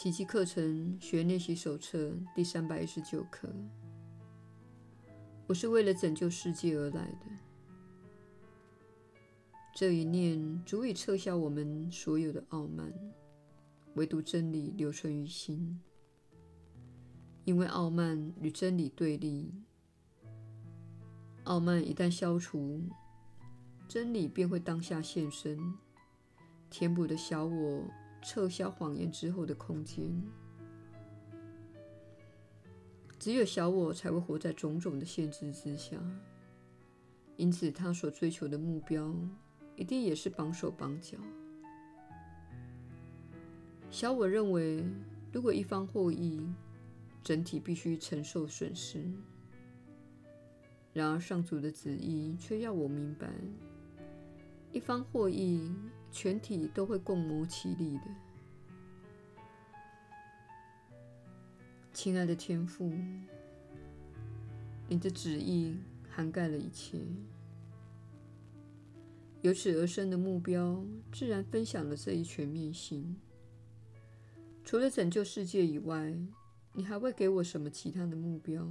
奇蹟課程學練習手冊第三百一十九課。我是為了拯救世界而來的，這一念足以撤銷我們所有的傲慢，唯獨真理留存於心。因為傲慢與真理對立，傲慢一旦消除，真理便會當下現身，填補的小我撤銷謊言之後的空間，只有小我才會活在種種的限制之下，因此他所追求的目標一定也是綁手綁腳。小我認為，如果一方獲益，整體必須承受損失。然而上主的旨意卻要我明白，一方獲益。全體都會共謀其利的，親愛的天父，你的旨意涵蓋了一切，由此而生的目標自然分享了這一全面性。除了拯救世界以外，你還會給我什麼其他的目標？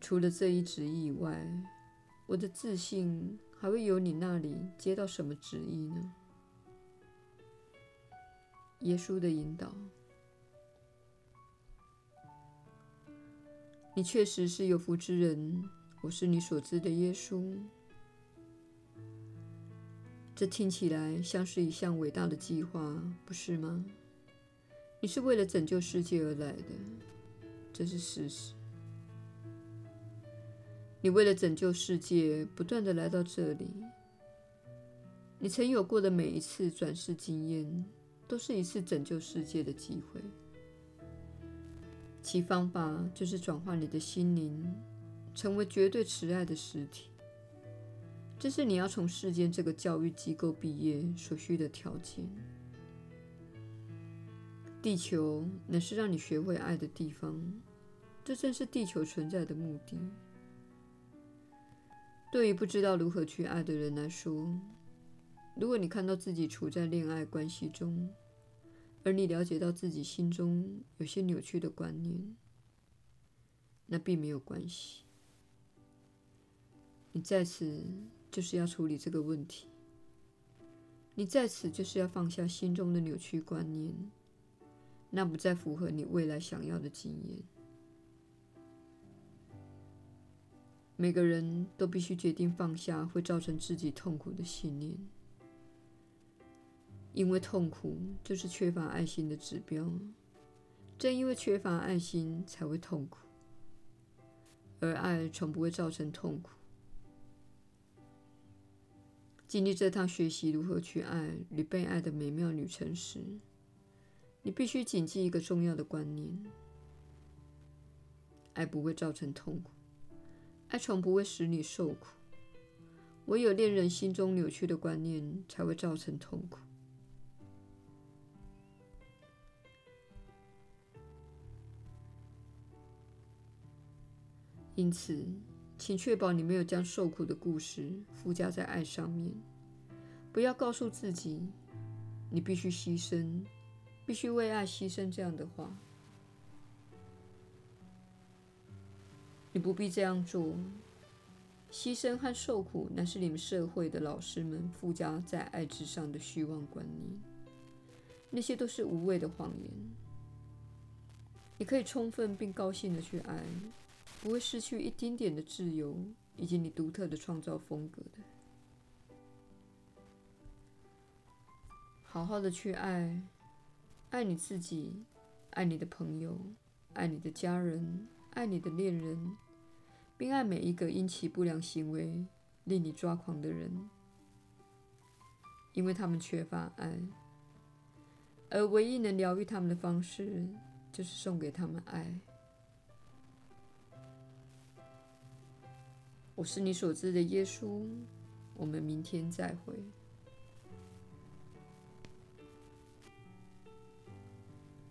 除了這一旨意以外，我的自信。還會由你那裡接到什麼旨意呢？耶穌的引導，你確實是有福之人。我是你所知的耶穌。這聽起來像是一項偉大的計劃，不是嗎？你是為了拯救世界而來的，這是事實。你為了拯救世界，不斷地來到這裡。你曾有過的每一次轉世經驗，都是一次拯救世界的機會。其方法就是轉化你的心靈，成為絕對慈愛的實體。這是你要從世間這個教育機構畢業所需的條件。地球乃是讓你學會愛的地方，這正是地球存在的目的。對於不知道如何去愛的人來說，如果你看到自己處在戀愛關係中，而你了解到自己心中有些扭曲的觀念，那並沒有關係。你在此就是要處理這個問題，你在此就是要放下心中的扭曲觀念，那不再符合你未來想要的經驗。每個人都必須決定放下會造成自己痛苦的信念，因為痛苦就是缺乏愛心的指標。正因為缺乏愛心，才會痛苦，而愛從不會造成痛苦。經歷這趟學習如何去愛與被愛的美妙旅程時，你必須謹記一個重要的觀念：愛不會造成痛苦。愛從不會使你受苦，唯有戀人心中扭曲的觀念才會造成痛苦。因此，請確保你沒有將受苦的故事附加在愛上面。不要告訴自己，你必須犧牲，必須為愛犧牲這樣的話。你不必這樣做，犧牲和受苦，乃是你們社會的老師們附加在愛之上的虛妄觀念，那些都是無謂的謊言。你可以充分並高興的去愛，不會失去一丁點的自由以及你獨特的創造風格。好好的去愛，愛你自己，愛你的朋友，愛你的家人，愛你的戀人。並愛每一個因其不良行為令你抓狂的人，因為他們缺乏愛，而唯一能療癒他們的方式就是送給他們愛。我是你所知的耶穌，我們明天再會。